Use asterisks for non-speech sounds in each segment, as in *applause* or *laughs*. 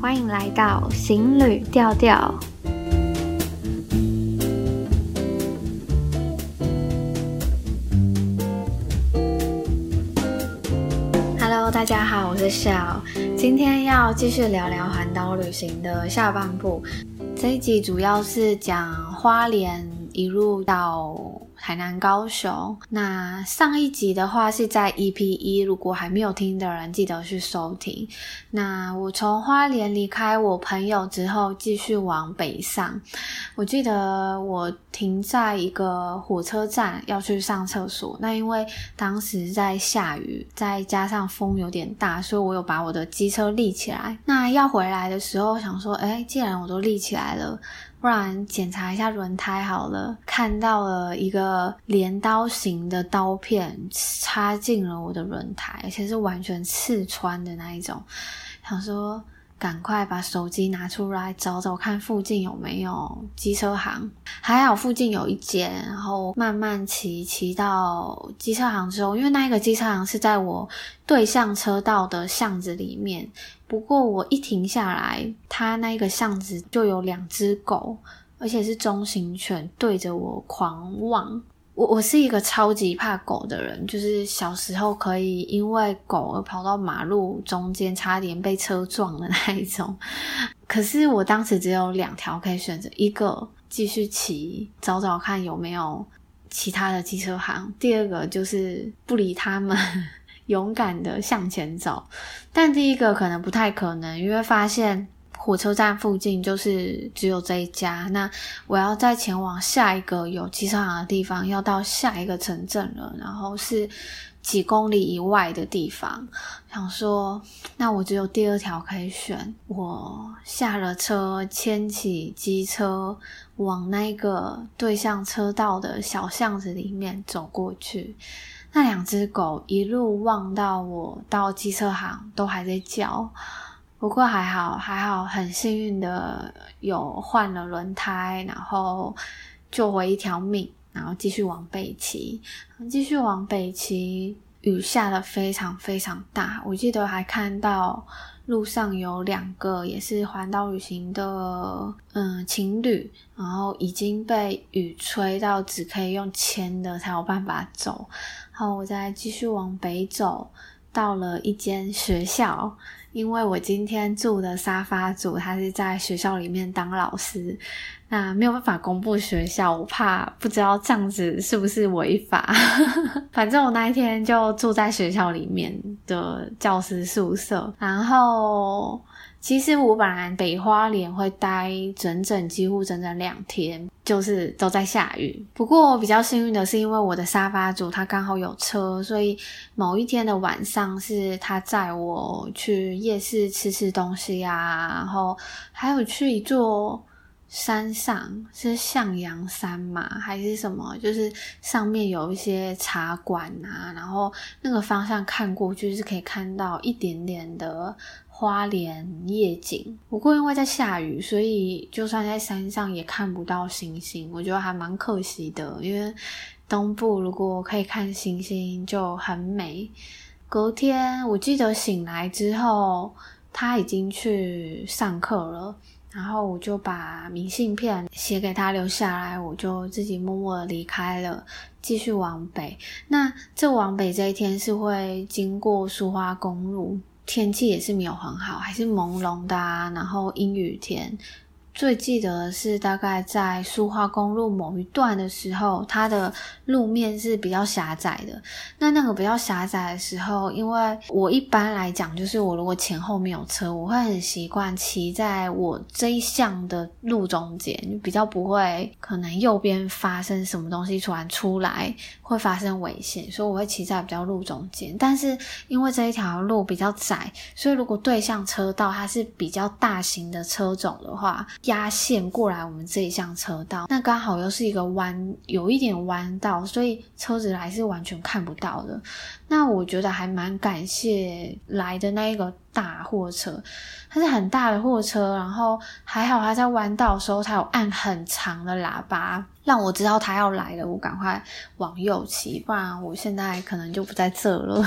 歡迎來到行旅調調。Hello，大家好，我是 Shel，今天要繼續聊聊環島旅行的下半部。這一集主要是講花蓮一路到，台南高雄，那上一集的話是在 E P 一，如果還沒有聽的人，記得去收聽。那我從花蓮離開我朋友之後，繼續往北上。我記得我停在一個火車站，要去上廁所。那因為當時在下雨，再加上風有點大，所以我有把我的機車立起來。那要回來的時候，我想說，哎、欸，既然我都立起來了。不然檢查一下輪胎好了，看到了一個鐮刀形的刀片插進了我的輪胎，而且是完全刺穿的那一種，想說。趕快把手機拿出來找找看附近有沒有機車行，還好附近有一間，然後慢慢騎騎到機車行之後，因為那一個機車行是在我對向車道的巷子裡面。不過我一停下來，它那個巷子就有兩只狗，而且是中型犬，對着我狂望。我我是一個超級怕狗的人，就是小時候可以因為狗而跑到馬路中間，差點被車撞的那一種。可是我當時只有兩條可以選擇：一個繼續騎，找找看有沒有其他的機車行；第二個就是不理他們，勇敢的向前走。但第一個可能不太可能，因為發現。火車站附近就是只有這一家。那我要再前往下一個有機車行的地方，要到下一個城鎮了，然後是幾公里以外的地方。想說，那我只有第二條可以選。我下了車，牽起機車，往那個對向車道的小巷子裡面走過去。那兩隻狗一路望到我到機車行，都還在叫。不過還好，還好，很幸運的有換了輪胎，然後救回一條命，然後繼續往北騎，繼續往北騎，雨下得非常非常大，我記得還看到路上有兩個也是環島旅行的嗯情侶，然後已經被雨吹到只可以用牽的才有辦法走，好，我再繼續往北走，到了一間學校。因為我今天住的沙發主，他是在學校裡面當老師，那沒有辦法公布學校，我怕不知道這樣子是不是違法。 *laughs* 反正我那一天就住在學校裡面的教師宿舍，然後其實我本來北花蓮會待整整幾乎整整兩天。就是都在下雨，不過比較幸運的是，因為我的沙發主他剛好有車，所以某一天的晚上是他載我去夜市吃吃東西呀、啊，然後還有去一座山上，是向陽山嘛，還是什麼？就是上面有一些茶館啊，然後那個方向看過去是可以看到一點點的。花蓮夜景，不過因為在下雨，所以就算在山上也看不到星星。我覺得還蠻可惜的，因為東部如果可以看星星就很美。隔天，我記得醒來之後他已經去上課了，然後我就把明信片寫給他留下來，我就自己默默的離開了，繼續往北。那這往北這一天是會經過蘇花公路。天氣也是沒有很好，還是朦朧的啊，然後陰雨天。最記得的是大概在蘇花公路某一段的時候，它的路面是比較狹窄的。那那個比較狹窄的時候，因為我一般來講，就是我如果前後沒有車，我會很習慣騎在我這一向的路中間，比較不會可能右邊發生什麼東西突然出來會發生危險，所以我會騎在比較路中間。但是因為這一條路比較窄，所以如果對向車道它是比較大型的車種的話，壓線過來，我們這一項車道，那剛好又是一個彎，有一點彎道，所以車子還是完全看不到的。那我覺得還蠻感謝來的那一個大貨車，它是很大的貨車，然後還好他在彎道的時候，他有按很長的喇叭，讓我知道他要來了，我趕快往右騎，不然我現在可能就不在這了。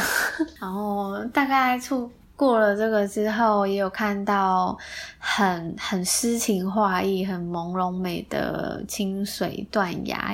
然 *laughs* 後大概出過了這個之後，也有看到很很詩情畫意、很朦朧美的清水斷崖，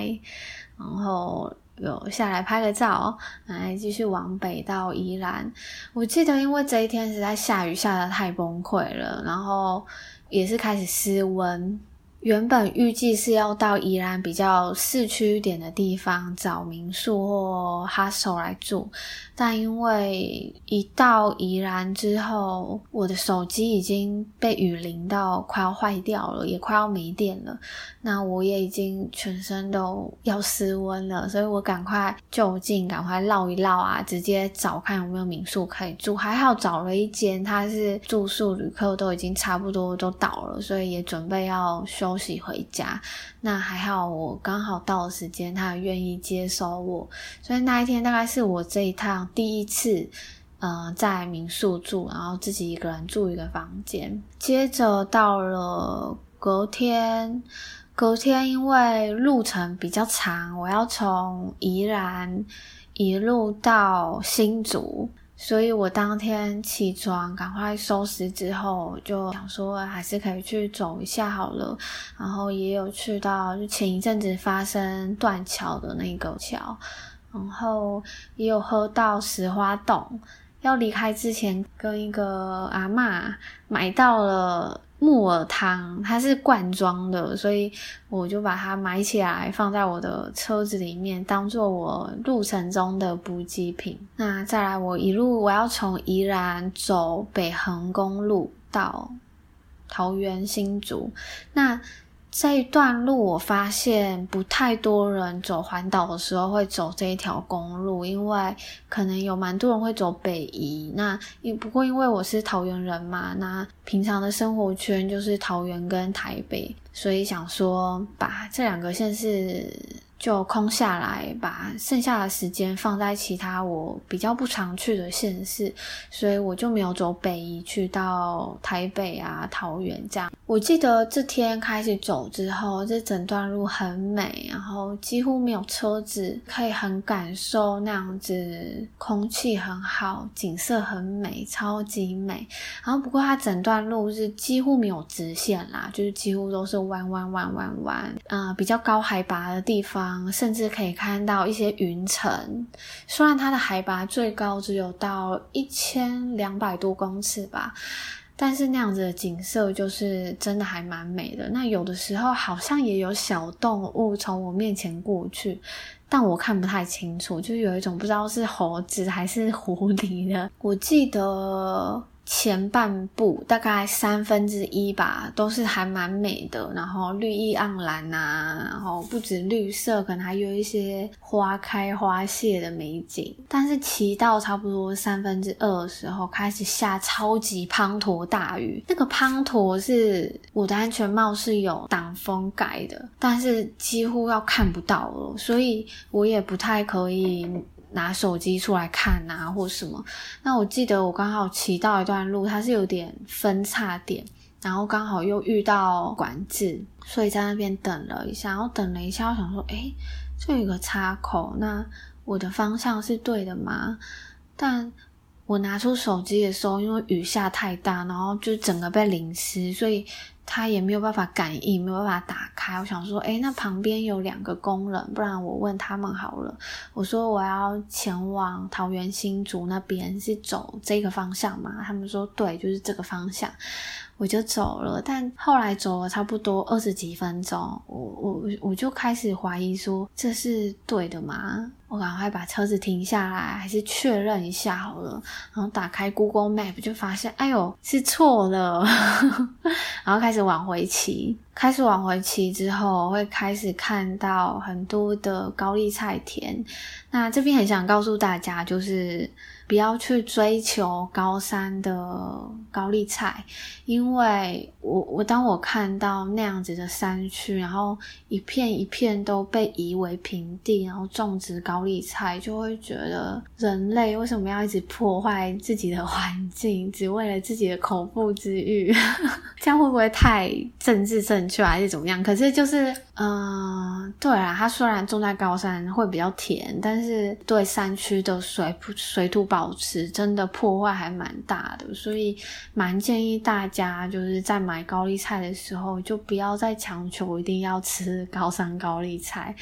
然後有下來拍個照，來繼續往北到宜蘭。我記得因為這一天實在下雨，下得太崩潰了，然後也是開始失溫。原本預計是要到宜蘭比較市區一點的地方找民宿或 hostel 來住，但因為一到宜蘭之後，我的手機已經被雨淋到快要壞掉了，也快要沒電了。那我也已經全身都要失溫了，所以我趕快就近趕快繞一繞啊，直接找看有沒有民宿可以住。還好找了一間，他是住宿旅客都已經差不多都到了，所以也準備要休息回家。那還好我剛好到時間，他也願意接收我，所以那一天大概是我這一趟第一次，呃，在民宿住，然後自己一個人住一個房間。接着到了隔天。隔天因為路程比較長，我要從宜蘭一路到新竹，所以我當天起床趕快收拾之後，就想說還是可以去走一下好了。然後也有去到就前一陣子發生斷橋的那個橋，然後也有喝到石花凍。要離開之前，跟一個阿嬤買到了。木耳湯，它是罐裝的，所以我就把它買起來，放在我的車子裡面，當作我路程中的補給品。那再來，我一路我要從宜蘭走北橫公路到桃園新竹，那。這一段路，我發現不太多人走環島的時候會走這一條公路，因為可能有蠻多人會走北宜。那因不過因為我是桃園人嘛，那平常的生活圈就是桃園跟台北，所以想說把這兩個縣市就空下來，把剩下的時間放在其他我比較不常去的縣市，所以我就沒有走北宜去到台北啊、桃園這樣。我記得這天開始走之後，這整段路很美，然後幾乎沒有車子，可以很感受那樣子，空氣很好，景色很美，超級美。然後不過它整段路是幾乎沒有直線啦，就是幾乎都是彎彎彎彎彎啊，比較高海拔的地方。甚至可以看到一些雲層，雖然它的海拔最高只有到一千兩百多公尺吧，但是那樣子的景色就是真的還蠻美的。那有的時候好像也有小動物從我面前過去，但我看不太清楚，就是有一種不知道是猴子還是狐狸的，我記得。前半部大概三分之一吧，都是還蠻美的，然後綠意盎然啊，然後不止綠色，可能還有一些花開花謝的美景。但是騎到差不多三分之二的時候，開始下超級滂沱大雨。那個滂沱是我的安全帽是有擋風蓋的，但是幾乎要看不到了，所以我也不太可以。拿手機出來看啊，或什麼？那我記得我剛好騎到一段路，它是有點分叉點，然後剛好又遇到管制，所以在那邊等了一下。然後等了一下，我想說，哎，這有個岔口，那我的方向是對的嗎？但我拿出手機的時候，因為雨下太大，然後就整個被淋濕，所以它也沒有辦法感應，沒有辦法打。還有想說，哎、欸，那旁邊有兩個工人，不然我問他們好了。我說我要前往桃園新竹那邊，是走這個方向嗎？他們說對，就是這個方向。我就走了，但後來走了差不多二十幾分鐘，我我我就開始懷疑說，這是對的嗎？我趕快把車子停下來，還是確認一下好了。然後打開 Google Map 就發現，哎呦是錯了。 *laughs* 然後開始往回騎，開始往回騎之後會開始看到很多的高麗菜田。那這邊很想告訴大家就是。不要去追求高山的高麗菜，因為。我我當我看到那樣子的山區，然後一片一片都被夷為平地，然後種植高麗菜，就會覺得人類為什麼要一直破壞自己的環境，只為了自己的口腹之欲？ *laughs* 這樣會不會太政治正確、啊、還是怎麼樣？可是就是，嗯、呃，對啊，它雖然種在高山會比較甜，但是對山區的水水土保持真的破壞還蠻大的，所以蠻建議大家就是在。買高麗菜的時候，就不要再強求一定要吃高山高麗菜。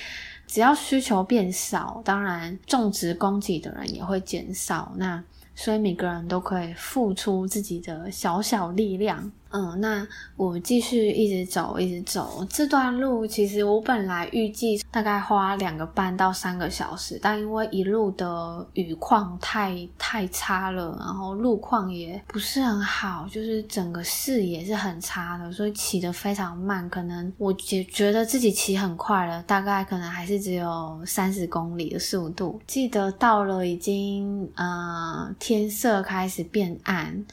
只要需求變少，當然種植供給的人也會減少。那所以每個人都可以付出自己的小小力量。嗯，那我繼續一直走，一直走這段路。其實我本來預計大概花兩個半到三個小時，但因為一路的雨況太太差了，然後路況也不是很好，就是整個視野是很差的，所以騎得非常慢。可能我覺覺得自己騎很快了，大概可能還是只有三十公里的速度。記得到了已經，呃，天色開始變暗。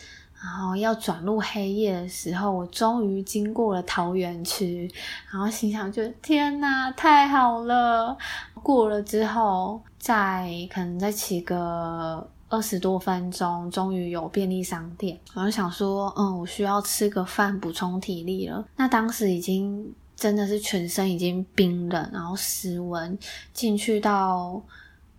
然後要轉入黑夜的時候，我終於經過了桃園區，然後心想就天哪，太好了！過了之後，再可能再騎個二十多分鐘，終於有便利商店，我就想說，嗯，我需要吃個飯補充體力了。那當時已經真的是全身已經冰冷，然後室溫進去到。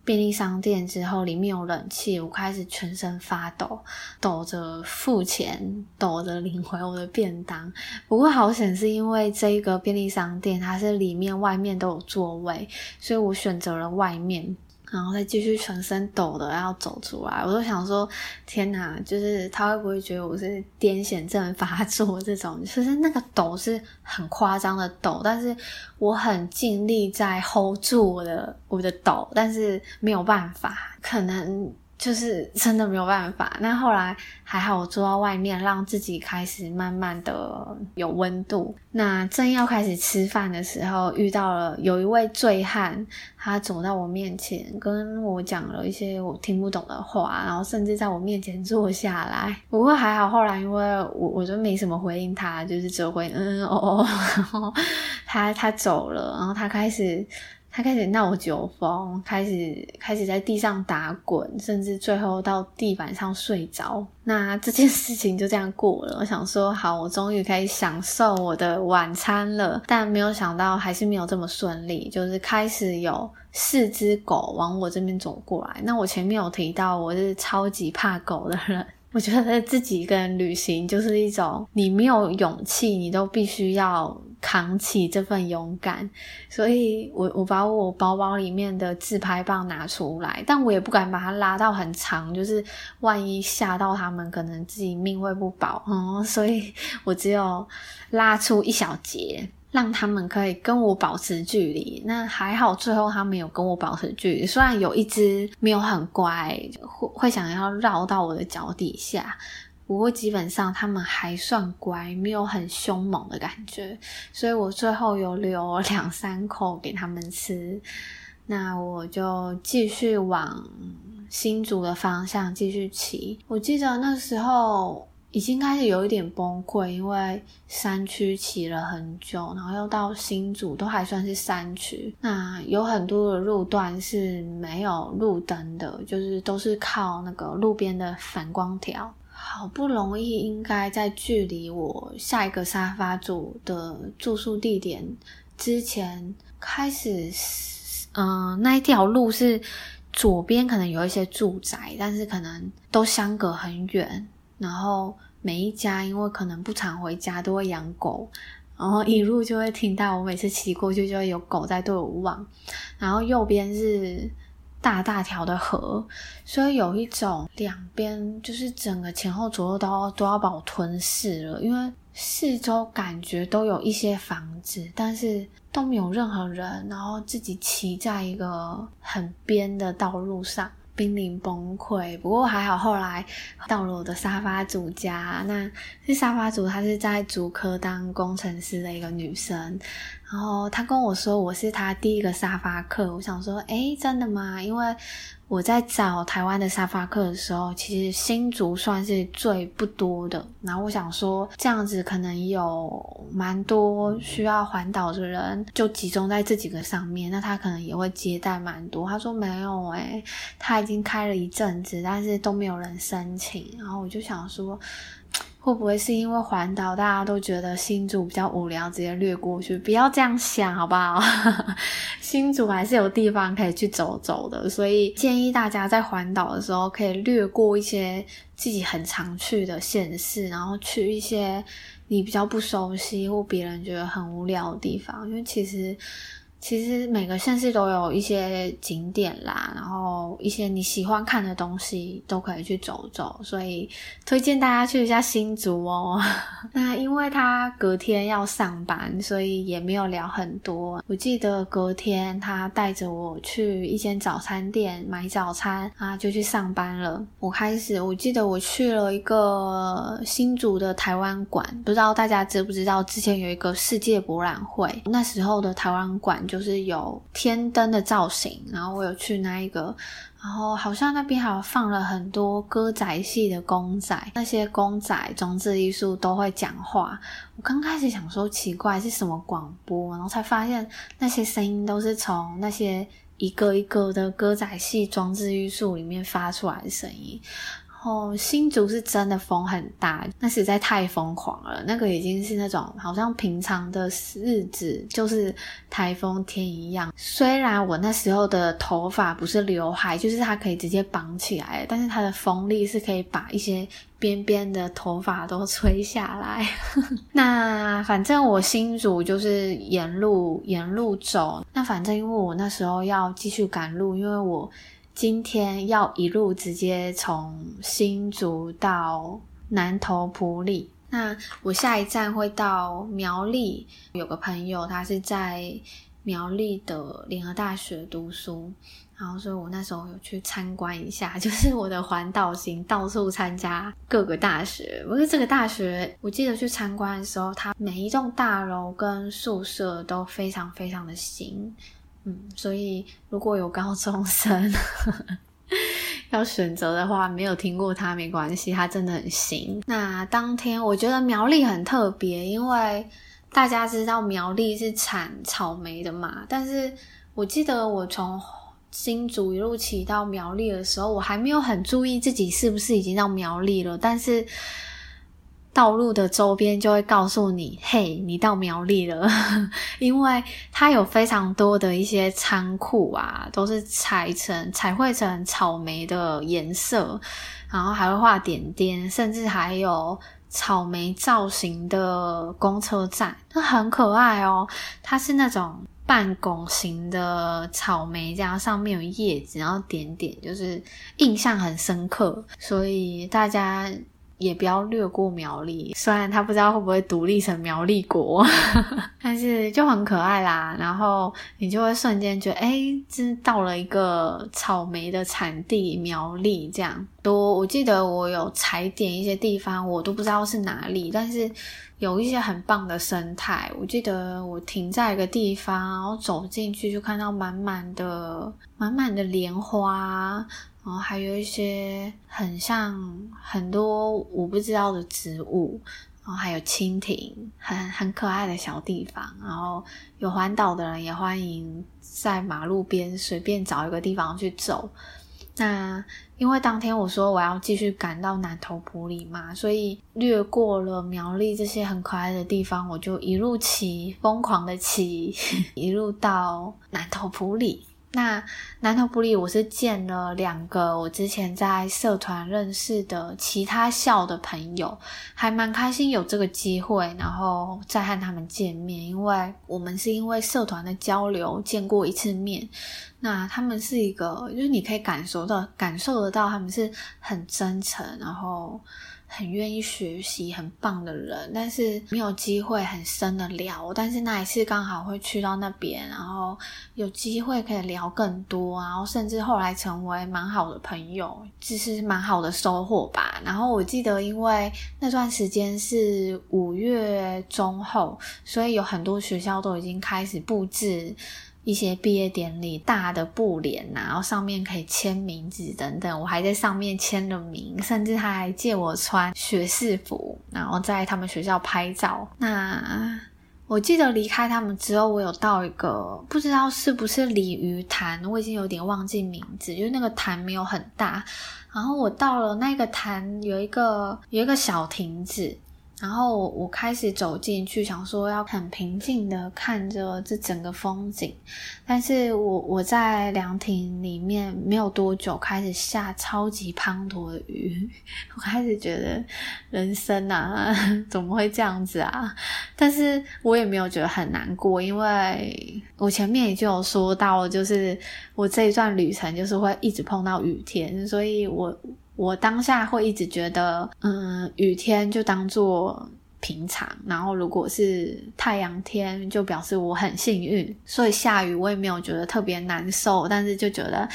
便利商店之後，裡面有冷氣，我開始全身發抖，抖着付錢，抖着領回我的便當。不過好險，是因為這個便利商店它是裡面外面都有座位，所以我選擇了外面。然後再繼續全身抖的，然後走出來，我都想說天哪，就是他會不會覺得我是癲癇症發作這種？就是那個抖是很誇張的抖，但是我很盡力在 hold 住我的我的抖，但是沒有辦法，可能。就是真的沒有辦法。那後來還好，我坐到外面，讓自己開始慢慢的有溫度。那正要開始吃飯的時候，遇到了有一位醉漢，他走到我面前，跟我講了一些我聽不懂的話，然後甚至在我面前坐下來。不過還好，後來因為我我就沒什麼回應他，就是只會嗯嗯哦哦，然後他他走了，然後他開始。他開始鬧酒瘋，開始開始在地上打滾，甚至最後到地板上睡着。那這件事情就這樣過了。我想說，好，我終於可以享受我的晚餐了。但沒有想到，還是沒有這麼順利。就是開始有四隻狗往我這邊走過來。那我前面有提到，我是超級怕狗的人。我覺得自己一個人旅行就是一種，你沒有勇氣，你都必須要。扛起這份勇敢，所以我我把我包包裡面的自拍棒拿出來，但我也不敢把它拉到很長，就是萬一嚇到他們，可能自己命會不保哦、嗯。所以，我只有拉出一小截，讓他們可以跟我保持距離。那還好，最後他們有跟我保持距離，雖然有一隻沒有很乖，會會想要繞到我的腳底下。不過基本上他們還算乖，沒有很凶猛的感覺，所以我最後有留兩三口給他們吃。那我就繼續往新竹的方向繼續騎。我記得那時候已經開始有一點崩潰，因為山區騎了很久，然後又到新竹都還算是山區，那有很多的路段是沒有路燈的，就是都是靠那個路邊的反光條。好不容易應該在距離我下一個沙發主的住宿地點之前開始，嗯，那一條路是左邊可能有一些住宅，但是可能都相隔很遠。然後每一家因為可能不常回家，都會養狗，然後一路就會聽到我每次騎過去就會有狗在對我汪，然後右邊是大大條的河，所以有一種兩邊就是整個前後左右都要都要把我吞噬了，因為四周感覺都有一些房子，但是都沒有任何人，然後自己騎在一個很邊的道路上。瀕臨崩潰，不過還好後來到了我的沙發主家，那是沙發主，她是在竹科當工程師的一個女生，然後她跟我說，我是她第一個沙發客，我想說，誒，真的嗎？因為。我在找台灣的沙發客的時候，其實新竹算是最不多的。然後我想說，這樣子可能有蠻多需要環島的人，就集中在這幾個上面，那他可能也會接待蠻多。他說沒有，誒，他已經開了一陣子，但是都沒有人申請。然後我就想說。會不會是因為環島大家都覺得新竹比較無聊，直接略過去？不要這樣想，好不好？ *laughs* 新竹還是有地方可以去走走的，所以建議大家在環島的時候可以略過一些自己很常去的縣市，然後去一些你比較不熟悉或別人覺得很無聊的地方，因為其實。其實每個縣市都有一些景點啦，然後一些你喜歡看的東西都可以去走走，所以推薦大家去一下新竹哦。那、 *laughs* 嗯、因為他隔天要上班，所以也沒有聊很多。我記得隔天他帶着我去一間早餐店買早餐啊，就去上班了。我開始我記得我去了一個新竹的台灣館，不知道大家知不知道，之前有一個世界博覽會，那時候的台灣館就。就是有天燈的造型，然後我有去那一個，然後好像那邊還放了很多歌仔戲的公仔，那些公仔裝置藝術都會講話。我剛開始想說奇怪是什麼廣播，然後才發現那些聲音都是從那些一個一個的歌仔戲裝置藝術裡面發出來的聲音。哦，新竹是真的風很大，那實在太瘋狂了。那個已經是那種好像平常的日子就是台風天一樣。雖然我那時候的頭髮不是劉海，就是它可以直接綁起來，但是它的風力是可以把一些邊邊的頭髮都吹下來。 *laughs* 那反正我新竹就是沿路沿路走，那反正因為我那時候要繼續趕路，因為我。今天要一路直接從新竹到南投埔里，那我下一站會到苗栗。有個朋友，他是在苗栗的聯合大學讀書，然後所以我那時候有去參觀一下，就是我的環島行，到處參加各個大學。不是這個大學，我記得去參觀的時候，它每一棟大樓跟宿舍都非常非常的新。嗯，所以如果有高中生 *laughs* 要選擇的話，沒有聽過他沒關係，他真的很行。那當天我覺得苗栗很特別，因為大家知道苗栗是產草莓的嘛。但是我記得我從新竹一路騎到苗栗的時候，我還沒有很注意自己是不是已經到苗栗了，但是。道路的周邊就會告訴你：“嘿，你到苗栗了。 *laughs* ”因為它有非常多的一些倉庫啊，都是採成、採繪成草莓的顏色，然後還會畫點點，甚至還有草莓造型的公車站，它很可愛哦。它是那種半拱形的草莓，加上面有葉子，然後點點，就是印象很深刻，所以大家，也不要略過苗栗，雖然他不知道會不會獨立成苗栗國，但是就很可愛啦。然後你就會瞬間覺得，哎、欸，真到了一個草莓的產地苗栗，這樣多。我記得我有踩點一些地方，我都不知道是哪裡，但是有一些很棒的生態。我記得我停在一個地方，然後走進去就看到滿滿的、滿滿的蓮花。然後還有一些很像很多我不知道的植物，然後還有蜻蜓，很很可愛的小地方。然後有環島的人也歡迎在馬路邊隨便找一個地方去走。那因為當天我說我要繼續趕到南投埔里嘛，所以略過了苗栗這些很可愛的地方，我就一路騎，瘋狂的騎，一路到南投埔里。那南投埔里，我是見了兩個我之前在社團認識的其他校的朋友，還蠻開心有這個機會，然後再和他們見面，因為我們是因為社團的交流見過一次面。那他們是一個，就是你可以感受到，感受得到他們是很真誠，然後。很願意學習，很棒的人，但是沒有機會很深的聊。但是那一次剛好會去到那邊，然後有機會可以聊更多，然後甚至後來成為蠻好的朋友，就是蠻好的收穫吧。然後我記得，因為那段時間是五月中後，所以有很多學校都已經開始布置。一些畢業典禮大的布簾，然後上面可以簽名字等等，我還在上面簽了名，甚至他還借我穿學士服，然後在他們學校拍照。那我記得離開他們之後，我有到一個不知道是不是鯉魚潭，我已經有點忘記名字，就是那個潭沒有很大。然後我到了那個潭，有一個有一個小亭子。然後我開始走進去，想說要很平靜的看着這整個風景，但是我我在涼亭裡面沒有多久，開始下超級滂沱的雨，我開始覺得人生啊怎麼會這樣子啊？但是我也沒有覺得很難過，因為我前面也就有說到，就是我這一段旅程就是會一直碰到雨天，所以我。我當下會一直覺得，嗯，雨天就當做平常，然後如果是太陽天，就表示我很幸運，所以下雨我也沒有覺得特別難受，但是就覺得，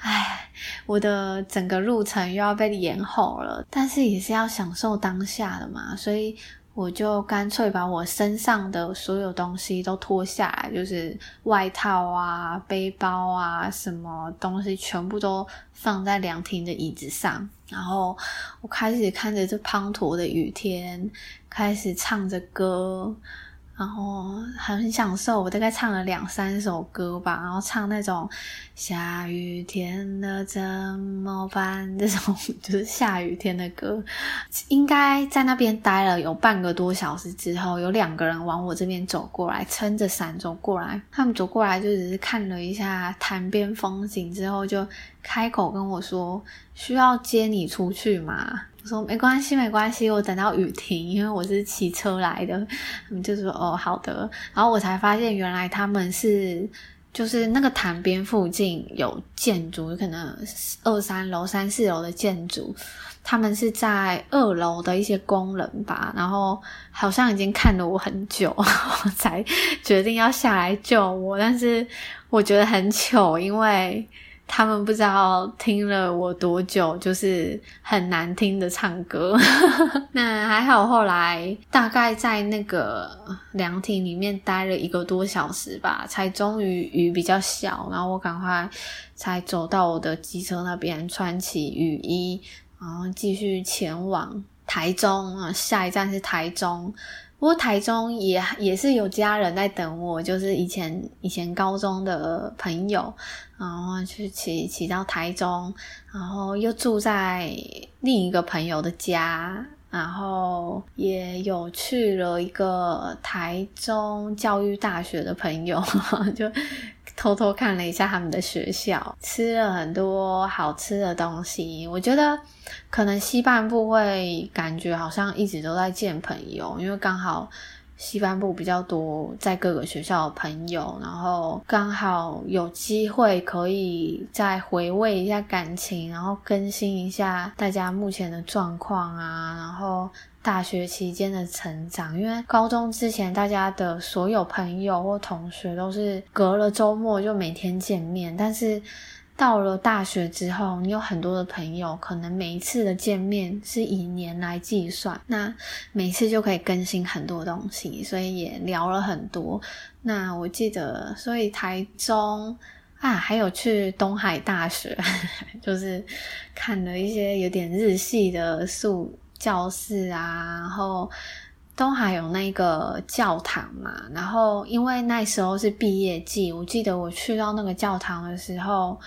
哎，我的整個路程又要被延後了，但是也是要享受當下的嘛，所以。我就乾脆把我身上的所有東西都脫下來，就是外套啊、背包啊，什麼東西全部都放在涼亭的椅子上。然後我開始看着這滂沱的雨天，開始唱着歌。然後很享受，我大概唱了兩三首歌吧，然後唱那種下雨天的怎麼辦這種，就是下雨天的歌。應該在那邊待了有半個多小時之後，有兩個人往我這邊走過來，撐着傘走過來。他們走過來就只是看了一下潭邊風景之後，就開口跟我說：“需要接你出去嗎？”我說沒關係，沒關係，我等到雨停，因為我是騎車來的。他們就說：“哦，好的。”然後我才發現，原來他們是就是那個潭邊附近有建築，可能二三樓、三四樓的建築，他們是在二樓的一些工人吧。然後好像已經看了我很久，我才決定要下來救我。但是我覺得很糗，因為。他們不知道聽了我多久，就是很難聽的唱歌。 *laughs* 那還好，後來大概在那個涼亭裡面待了一個多小時吧，才終於雨比較小。然後我趕快才走到我的機車那邊，穿起雨衣，然後繼續前往台中啊，下一站是台中。不過台中也也是有家人在等我，就是以前以前高中的朋友，然後去騎騎到台中，然後又住在另一個朋友的家，然後也有去了一個台中教育大學的朋友，就。偷偷看了一下他們的學校，吃了很多好吃的東西。我覺得可能西半部會感覺好像一直都在見朋友，因為剛好西半部比較多在各個學校的朋友，然後剛好有機會可以再回味一下感情，然後更新一下大家目前的狀況啊，然後。大學期間的成長，因為高中之前大家的所有朋友或同學都是隔了周末就每天見面，但是到了大學之後，你有很多的朋友，可能每一次的見面是以年來計算，那每次就可以更新很多東西，所以也聊了很多。那我記得，所以台中啊，還有去東海大學， *laughs* 就是看了一些有點日系的素。教室啊，然後都還有那個教堂嘛。然後因為那時候是畢業季，我記得我去到那個教堂的時候，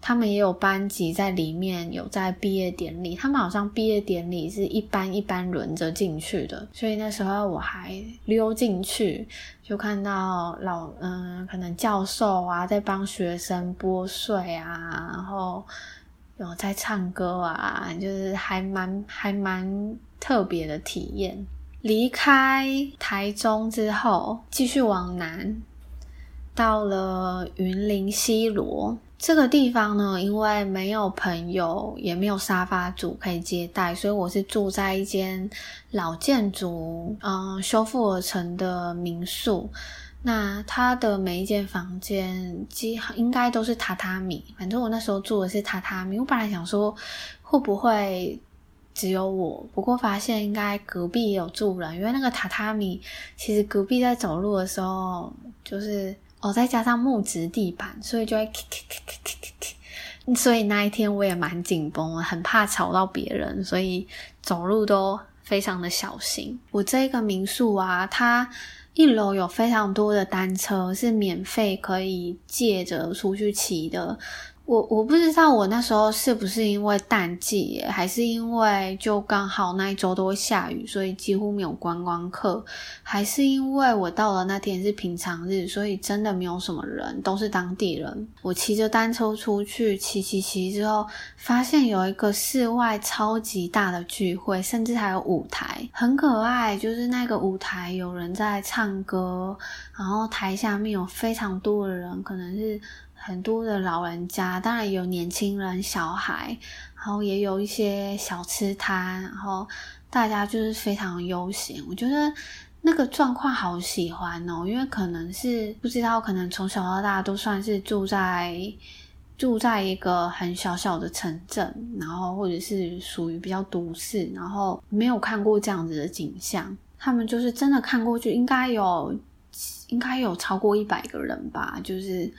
他們也有班級在裡面有在畢業典禮。他們好像畢業典禮是一班一班輪着進去的，所以那時候我還溜進去，就看到老嗯、呃，可能教授啊在幫學生撥穗啊，然後。有在唱歌啊，就是還蠻還蠻特別的體驗。離開台中之後，繼續往南，到了雲林西螺這個地方呢，因為沒有朋友，也沒有沙發主可以接待，所以我是住在一間老建築嗯修復而成的民宿。那他的每一間房間基應該都是榻榻米，反正我那時候住的是榻榻米。我本來想說會不會只有我，不過發現應該隔壁也有住人，因為那個榻榻米其實隔壁在走路的時候，就是哦，再加上木質地板，所以就會咪咪咪咪咪咪咪，所以那一天我也蠻緊繃，很怕吵到別人，所以走路都非常的小心。我這個民宿啊，它。一樓有非常多的單車，是免費可以借着出去騎的。我我不知道我那時候是不是因為淡季，還是因為就剛好那一周都會下雨，所以幾乎沒有觀光客，還是因為我到了那天是平常日，所以真的沒有什麼人，都是當地人。我騎着單車出去騎騎騎之後，發現有一個室外超級大的聚會，甚至還有舞台，很可愛。就是那個舞台有人在唱歌，然後台下面有非常多的人，可能是。很多的老人家，當然有年輕人、小孩，然後也有一些小吃攤，然後大家就是非常悠閒。我覺得那個狀況好喜歡哦，因為可能是不知道，可能從小到大都算是住在住在一個很小小的城鎮，然後或者是屬於比較都市，然後沒有看過這樣子的景象。他們就是真的看過去，應該有應該有超過一百個人吧，就是。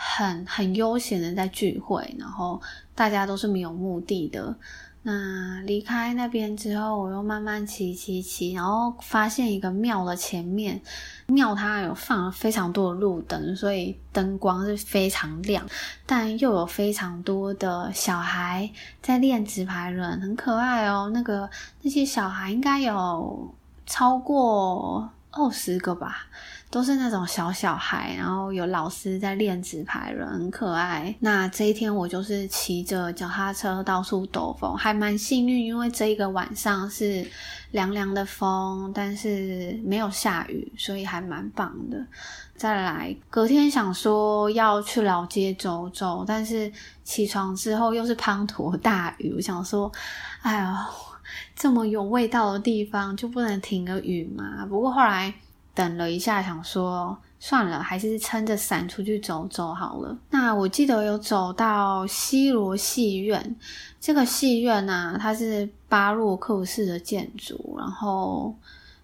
很很悠閒的在聚會，然後大家都是沒有目的的。那離開那邊之後，我又慢慢騎騎騎，然後發現一個廟的前面，廟它有放了非常多的路燈，所以燈光是非常亮，但又有非常多的小孩在練直排輪，很可愛哦。那個那些小孩應該有超過二十個吧，都是那種小小孩，然後有老師在練紙牌，人很可愛。那這一天我就是騎着腳踏車到處兜風，還蠻幸運，因為這一個晚上是涼涼的風，但是沒有下雨，所以還蠻棒的。再來隔天想說要去老街走走，但是起床之後又是滂沱大雨，我想說，哎呀。這麼有味道的地方就不能停個雨嘛？不過後來等了一下，想說算了，還是撐着傘出去走走好了。那我記得有走到西螺戲院，這個戲院啊，它是巴洛克式的建築，然後。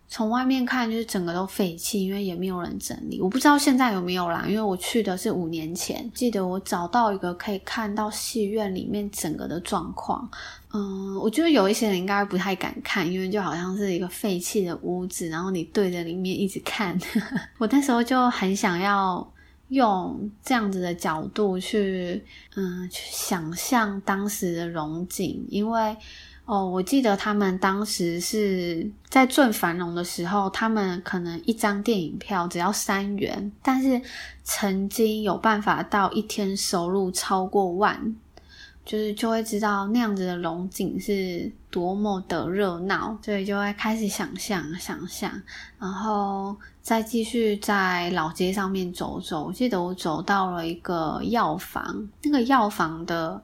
從外面看就是整個都廢棄，因為也沒有人整理。我不知道現在有沒有啦，因為我去的是五年前。記得我找到一個可以看到戲院裡面整個的狀況。嗯，我覺得有一些人應該不太敢看，因為就好像是一個廢棄的屋子，然後你對着裡面一直看。 *laughs* 我那時候就很想要用這樣子的角度去，嗯，去想象當時的榮景，因為。哦，我記得他們當時是在最繁榮的時候，他們可能一張電影票只要三元，但是曾經有辦法到一天收入超過萬，就是就會知道那樣子的龍井是多麼的熱鬧，所以就會開始想象，想象，然後再繼續在老街上面走走。我記得我走到了一個藥房，那個藥房的。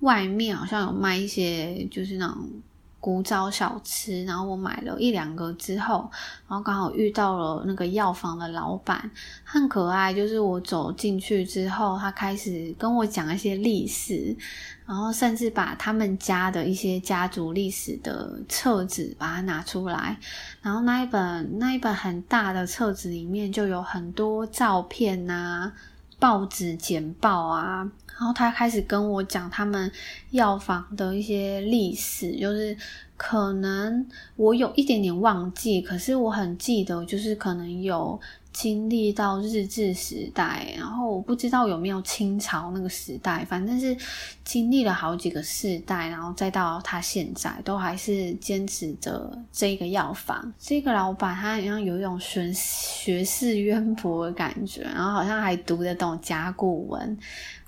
外面好像有賣一些，就是那種古早小吃。然後我買了一兩個之後，然後剛好遇到了那個藥房的老板，很可愛。就是我走進去之後，他開始跟我講一些歷史，然後甚至把他們家的一些家族歷史的冊子把它拿出來。然後那一本那一本很大的冊子裡面，就有很多照片啊、報紙剪報啊。然後他開始跟我講他們藥房的一些歷史，就是可能我有一點點忘記，可是我很記得，就是可能有經歷到日治時代，然後我不知道有沒有清朝那個時代，反正是經歷了好幾個世代，然後再到他現在，都還是堅持着這個藥房。這個老板他好像有一種學學識淵博的感覺，然後好像還讀得懂甲骨文。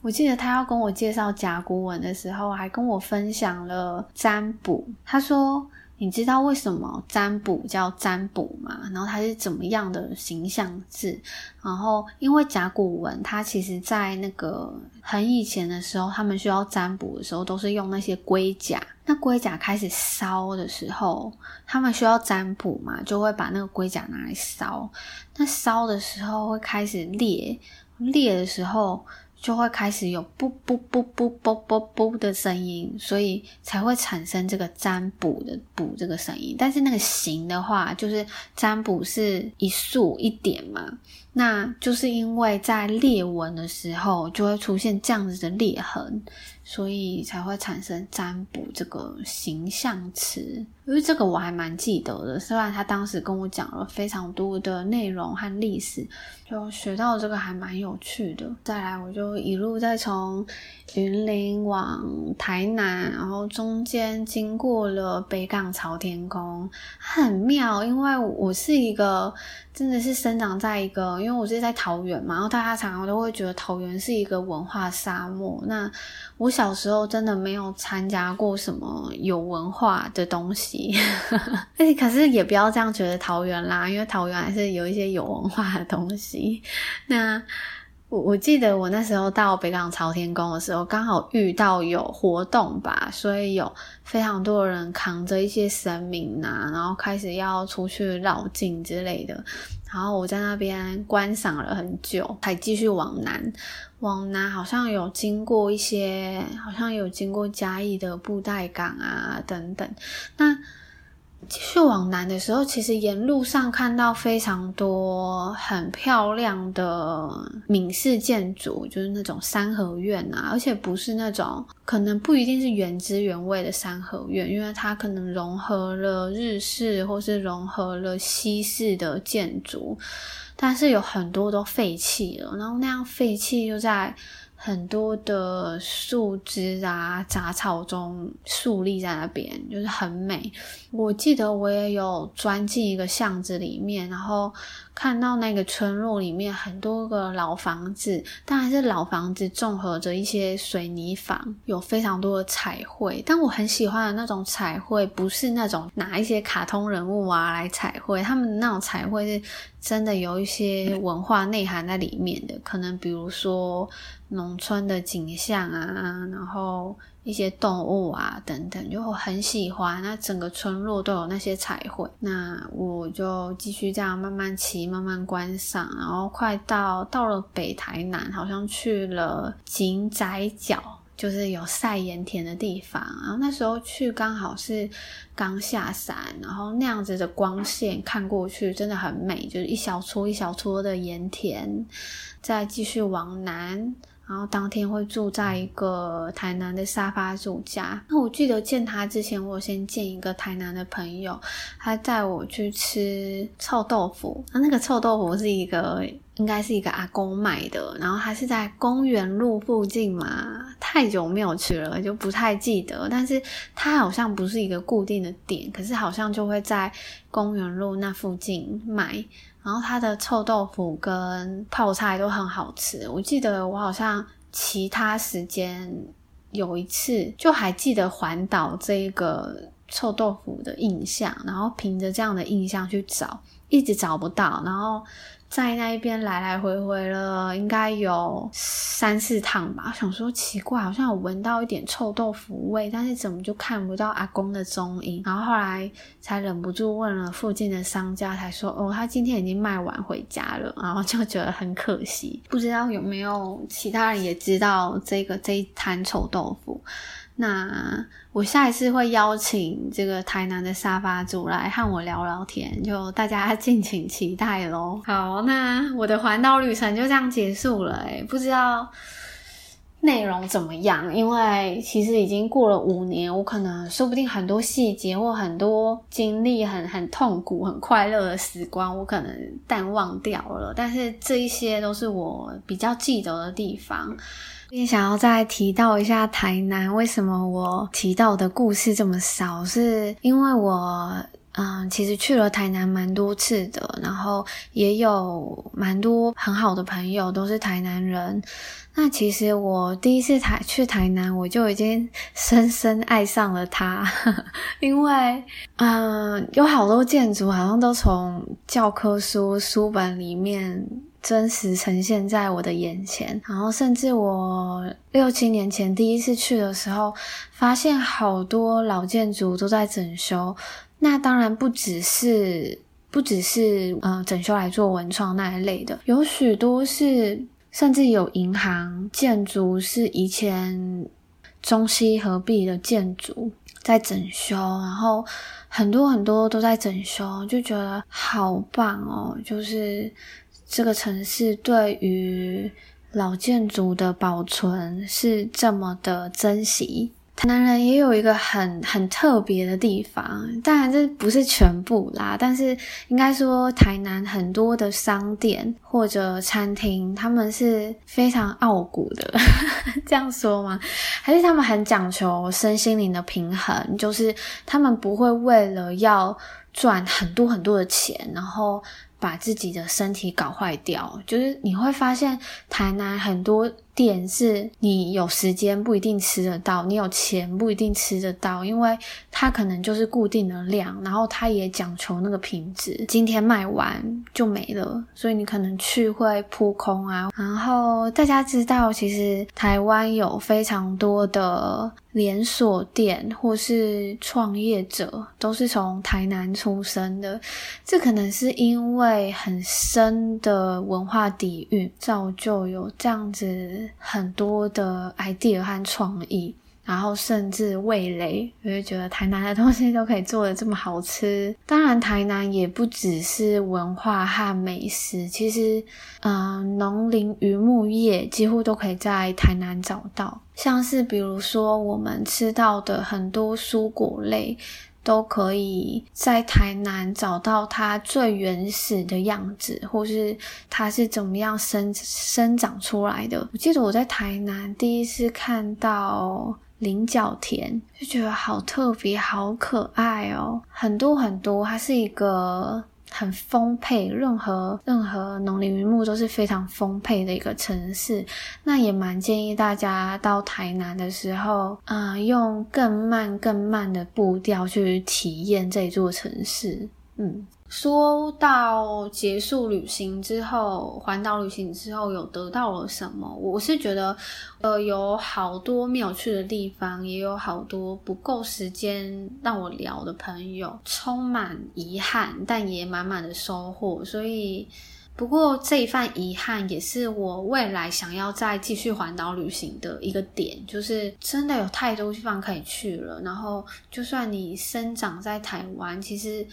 我記得他要跟我介紹甲骨文的時候，還跟我分享了占卜。他說：“你知道為什麼占卜叫占卜嗎？然後它是怎麼樣的形象字？然後因為甲骨文，它其實在那個很以前的時候，他們需要占卜的時候，都是用那些龜甲。那龜甲開始燒的時候，他們需要占卜嘛，就會把那個龜甲拿來燒。那燒的時候會開始裂，裂的時候。”就會開始有噗噗噗噗噗噗噗的聲音，所以才會產生這個占卜的卜這個聲音。但是那個形的話，就是占卜是一豎一點嘛。那就是因為在裂紋的時候就會出現這樣子的裂痕，所以才會產生占卜這個形象詞。因為這個我還蠻記得的，雖然他當時跟我講了非常多的內容和歷史，就學到這個還蠻有趣的。再來，我就一路再從雲林往台南，然後中間經過了北港朝天宮，很妙，因為我是一個。真的是生長在一個，因為我是在桃園嘛，然後大家常常都會覺得桃園是一個文化沙漠。那我小時候真的沒有參加過什麼有文化的東西，但是，可是也不要這樣覺得桃園啦，因為桃園還是有一些有文化的東西。那。我我記得我那時候到北港朝天宮的時候，剛好遇到有活動吧，所以有非常多人扛着一些神明啊，然後開始要出去繞境之類的。然後我在那邊觀賞了很久，才繼續往南。往南好像有經過一些，好像有經過嘉義的布袋港啊等等。那繼續往南的時候，其實沿路上看到非常多很漂亮的閩式建築，就是那種三合院啊，而且不是那種可能不一定是原汁原味的三合院，因為它可能融合了日式或是融合了西式的建築，但是有很多都廢棄了，然後那樣廢棄就在。很多的樹枝啊，雜草中樹立在那邊，就是很美。我記得我也有鑽進一個巷子裡面，然後。看到那個村落裡面很多個老房子，當然是老房子，綜合着一些水泥房，有非常多的彩繪。但我很喜歡的那種彩繪，不是那種拿一些卡通人物啊來彩繪，他們那種彩繪是真的有一些文化內涵在裡面的，可能比如說農村的景象啊，然後。一些動物啊，等等，就我很喜歡。那整個村落都有那些彩繪，那我就繼續這樣慢慢騎，慢慢觀賞。然後快到到了北台南，好像去了井仔腳，就是有曬鹽田的地方。然後那時候去剛好是剛下山，然後那樣子的光線看過去真的很美，就是一小撮一小撮的鹽田。再繼續往南。然後當天會住在一個台南的沙發主家。那我記得見他之前，我先見一個台南的朋友，他帶我去吃臭豆腐。那那個臭豆腐是一個，應該是一個阿公賣的。然後他是在公園路附近嘛，太久沒有吃了，就不太記得。但是他好像不是一個固定的點，可是好像就會在公園路那附近賣。然後它的臭豆腐跟泡菜都很好吃，我記得我好像其他時間有一次就還記得環島這個臭豆腐的印象，然後憑着這樣的印象去找，一直找不到，然後。在那一邊來來回回了，應該有三四趟吧。我想說，奇怪，好像有聞到一點臭豆腐味，但是怎麼就看不到阿公的蹤影？然後後來才忍不住問了附近的商家，才說，哦，他今天已經賣完回家了。然後就覺得很可惜，不知道有沒有其他人也知道這個這一攤臭豆腐。那我下一次會邀請這個台南的沙發主來和我聊聊天，就大家敬請期待嘍。好，那我的環島旅程就這樣結束了，欸，不知道內容怎麼樣？因為其實已經過了五年，我可能說不定很多細節或很多經歷，很很痛苦、很快樂的時光，我可能淡忘掉了。但是這一些都是我比較記得的地方。也想要再提到一下台南，為什麼我提到的故事這麼少？是因為我，嗯，其實去了台南蠻多次的，然後也有蠻多很好的朋友，都是台南人。那其實我第一次台，去台南，我就已經深深愛上了它， *laughs* 因為，嗯，有好多建築好像都從教科書，書本裡面。真實呈現在我的眼前，然後甚至我六七年前第一次去的時候，發現好多老建築都在整修。那當然不只是不只是呃整修來做文創那一類的，有許多是甚至有銀行建築是以前中西合璧的建築在整修，然後很多很多都在整修，就覺得好棒哦，就是。這個城市對於老建築的保存是這麼的珍惜。台南人也有一個很很特別的地方，當然這不是全部啦，但是應該說台南很多的商店或者餐廳，他們是非常傲骨的，呵呵，這樣說嗎？還是他們很講求身心靈的平衡，就是他們不會為了要賺很多很多的錢，然後。把自己的身體搞壞掉，就是你會發現台南很多點是你有時間不一定吃得到，你有錢不一定吃得到，因為它可能就是固定的量，然後它也講求那個品質，今天賣完就沒了，所以你可能去會撲空啊。然後大家知道，其實台灣有非常多的連鎖店或是創業者都是從台南出生的，這可能是因為很深的文化底蘊造就有這樣子。很多的 idea 和創意，然後甚至味蕾，我就覺得台南的東西都可以做得這麼好吃。當然，台南也不只是文化和美食，其實，嗯，農林漁牧業幾乎都可以在台南找到。像是比如說，我們吃到的很多蔬果類。都可以在台南找到它最原始的樣子，或是它是怎麼樣生生長出來的。我記得我在台南第一次看到菱角田，就覺得好特別、好可愛哦。很多很多，它是一個。很豐沛，任何任何農林漁牧都是非常豐沛的一個城市。那也蠻建議大家到台南的時候，啊、呃，用更慢、更慢的步調去體驗這座城市。嗯。說到結束旅行之後，環島旅行之後有得到了什麼？我是覺得，呃，有好多沒有去的地方，也有好多不夠時間讓我聊的朋友，充滿遺憾，但也滿滿的收穫。所以，不過這一份遺憾也是我未來想要再繼續環島旅行的一個點，就是真的有太多地方可以去了。然後，就算你生長在台灣，其實。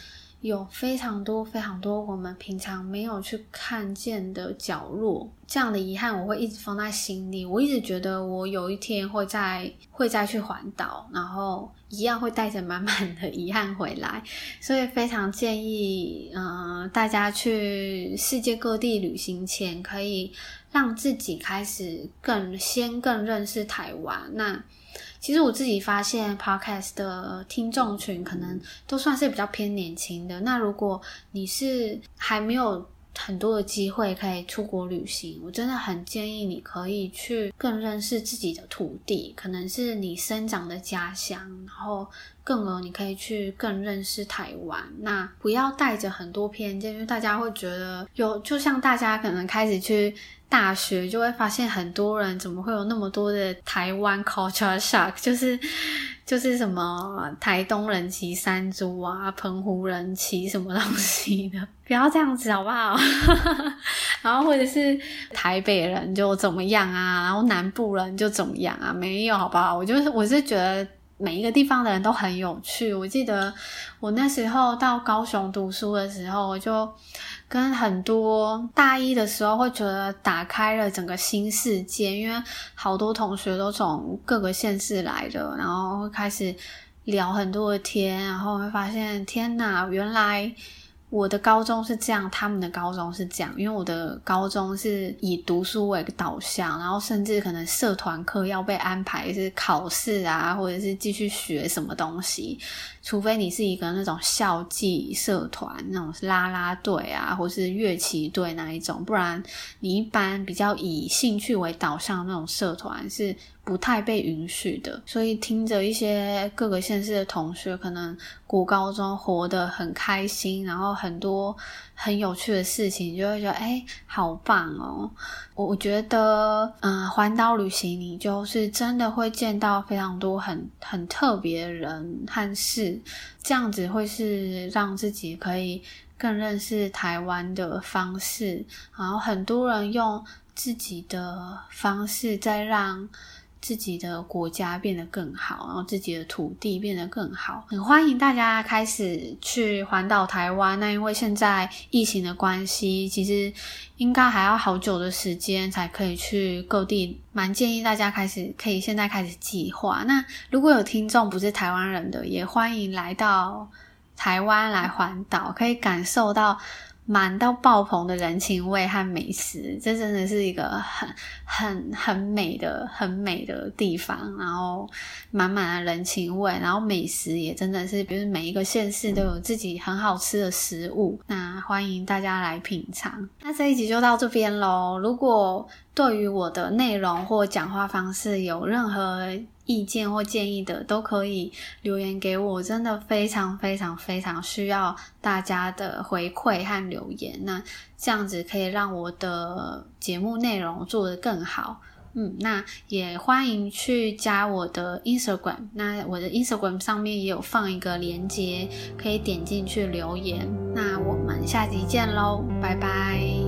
有非常多非常多我們平常沒有去看見的角落，這樣的遺憾我會一直放在心裡。我一直覺得我有一天會再會再去環島，然後一樣會帶着滿滿的遺憾回來。所以非常建議，嗯、呃，大家去世界各地旅行前，可以讓自己開始更先更認識台灣。那。其實我自己發現，Podcast 的聽眾群可能都算是比較偏年輕的。那如果你是還沒有很多的機會可以出國旅行，我真的很建議你可以去更認識自己的土地，可能是你生長的家鄉，然後更而你可以去更認識台灣。那不要帶着很多偏見，因為大家會覺得有，就像大家可能開始去。大學就會發現很多人怎麼會有那麼多的台灣 culture shock，就是就是什麼台東人騎山豬啊，澎湖人騎什麼東西的，不要這樣子好不好？ *laughs* 然後或者是台北人就怎麼樣啊，然後南部人就怎麼樣啊，沒有好不好？我就是我是覺得每一個地方的人都很有趣。我記得我那時候到高雄讀書的時候，我就。跟很多大一的時候會覺得打開了整個新世界，因為好多同學都從各個縣市來的，然後會開始聊很多的天，然後會發現天哪，原來。我的高中是這樣，他們的高中是這樣。因為我的高中是以讀書為導向，然後甚至可能社團課要被安排是考試啊，或者是繼續學什麼東西。除非你是一個那種校際社團，那種啦啦隊啊，或者是樂器隊那一種，不然你一般比較以興趣為導向的那種社團是。不太被允許的，所以聽着一些各個縣市的同學，可能國高中活得很開心，然後很多很有趣的事情，就會覺得哎、欸，好棒哦！我我覺得，嗯，環島旅行你就是真的會見到非常多很很特別的人和事，這樣子會是讓自己可以更認識台灣的方式，然後很多人用自己的方式在讓。自己的國家變得更好，然後自己的土地變得更好，很歡迎大家開始去環島台灣。那因為現在疫情的關係，其實應該還要好久的時間才可以去各地。蠻建議大家開始，可以現在開始計劃。那如果有聽眾不是台灣人的，也歡迎來到台灣來環島，可以感受到，滿到爆棚的人情味和美食，這真的是一個很、很、很美的、很美的地方。然後滿滿的人情味，然後美食也真的是，比如每一個縣市都有自己很好吃的食物。那歡迎大家來品嘗。那這一集就到這邊嘍。如果對於我的內容或講話方式有任何，意見或建議的都可以留言給我，真的非常非常非常需要大家的回饋和留言，那這樣子可以讓我的節目內容做得更好。嗯，那也歡迎去加我的 Instagram，那我的 Instagram 上面也有放一個鏈接，可以點進去留言。那我們下集見嘍，拜拜。